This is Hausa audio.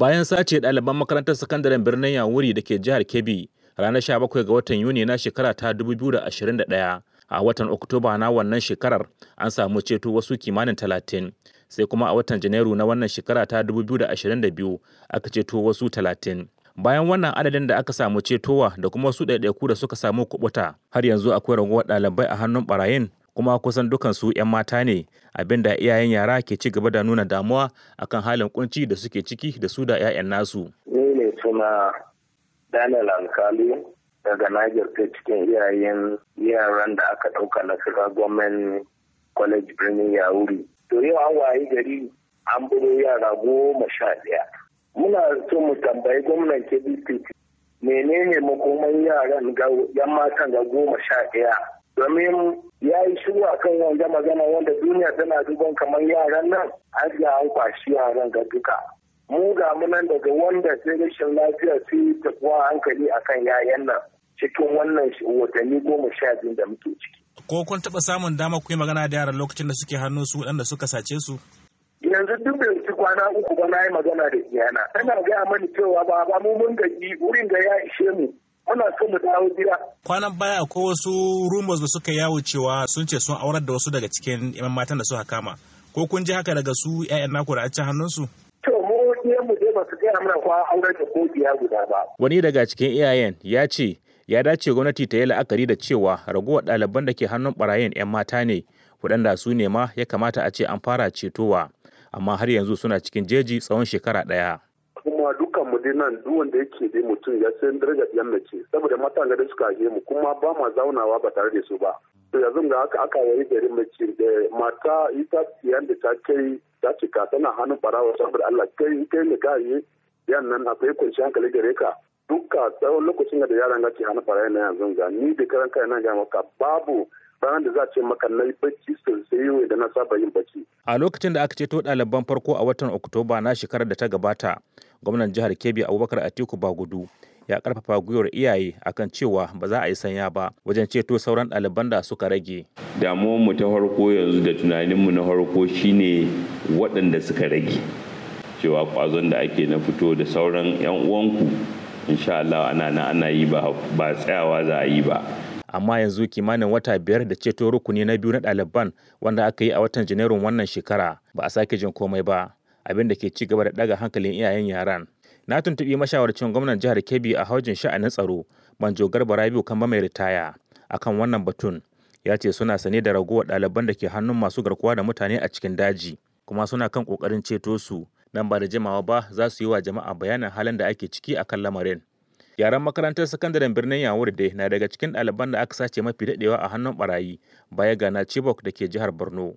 bayan sace ɗaliban makarantar sakandaren birnin yawuri da ke jihar kebbi ranar 17 ga watan yuni na shekara ta 2021 a watan oktoba na wannan shekarar an samu ceto wasu kimanin 30 sai kuma a watan janairu na wannan shekara ta 2022 aka ceto wasu 30 bayan wannan adadin da aka samu cetowa da kuma wasu ɗaiɗaiku da suka samu kubuta har yanzu akwai raguwar ɗalibai a hannun barayin kuma kusan dukansu 'yan mata ne abinda iyayen yara ke ci gaba da nuna damuwa akan halin kunci da suke ciki da su da 'ya'yan nasu. Ni ne suna Daniel Alkali daga Niger ta cikin iyayen yaran da aka ɗauka na Fira Gwamnan College Birnin Yawuri. To yau an waye gari an buro yara goma sha ɗaya. Muna so mu tambayi gwamnan KBC menene makoman yaran ga 'yan matan ga goma sha ɗaya domin ya yi shiru a kan wanda magana wanda duniya tana duban kamar yaran nan an ga an kwashi yaran ga duka mu ga munan daga wanda sai rashin lafiya sai tabuwa hankali a kan yayan nan cikin wannan watanni goma sha biyu da muke ciki. Ko kun taɓa samun dama ku yi magana da yaran lokacin da suke hannu su waɗanda suka sace su? yanzu duk da yanzu kwana uku ba na yi magana da iyana tana gaya mani cewa ba ba mu mun gaji wurin da ya ishe mu muna son mu dawo gida. Kwanan baya ko wasu rumors da suka yawo cewa sun ce sun aurar da wasu daga cikin yan matan da suka kama. Ko kun ji haka daga su 'ya'yan naku da a hannunsu? To mu mu je ba su gaya mana ko aurar da ko biya guda ba. Wani daga cikin iyayen ya ce ya dace gwamnati ta yi la'akari da cewa raguwar ɗaliban da ke hannun barayin 'yan mata ne waɗanda su ne ma ya kamata a ce an fara cetowa amma har yanzu suna cikin jeji tsawon shekara ɗaya. kuma dukan mu dai nan duk wanda yake dai mutum ya san daraja ɗiyan mace saboda matan da suka je mu kuma ba ma zaunawa ba tare da su ba to yanzu ga haka aka da gari mace da mata ita yan da ta kai ta cika tana hannun barawa saboda Allah kai kai ne ka yi yan nan akwai kunshi hankali gare ka duka tsawon lokacin da yaran ga ke hannun barawa na yanzu ga ni da karan kai na ga maka babu ranar da za ce maka na yi bacci sosai yau da na saba yin bacci. A lokacin da aka ceto ɗaliban farko a watan Oktoba na shekarar da ta gabata, gwamnan jihar kebbi abubakar atiku bagudu ya karfafa gwiwar iyaye akan cewa ba za a yi sanya ba wajen ceto sauran ɗaliban da suka rage. damuwanmu ta harko yanzu da tunaninmu na harko shine waɗanda suka rage cewa kwazon da ake na fito da sauran 'yan uwanku insha Allah ana na ana yi ba tsayawa za a yi ba. amma yanzu kimanin wata biyar da ceto rukuni na biyu na ɗaliban wanda aka yi a watan janairun wannan shekara ba a sake jin komai ba abin da ke ci gaba da ɗaga hankalin iyayen yaran. Na tuntubi mashawarcin gwamnan jihar Kebbi a haujin sha'anin tsaro, Manjo Garba Rabiu kan mai ritaya akan wannan batun. Ya ce suna sane da ragowar ɗaliban da ke hannun masu garkuwa da mutane a cikin daji, kuma suna kan ƙoƙarin ceto su. Nan ba da jimawa ba za su yi wa jama'a bayanin halin da ake ciki a kan lamarin. Yaran makarantar sakandaren birnin Yawur da na daga cikin ɗaliban da aka sace mafi daɗewa a hannun barayi baya ga na Chibok da ke jihar Borno.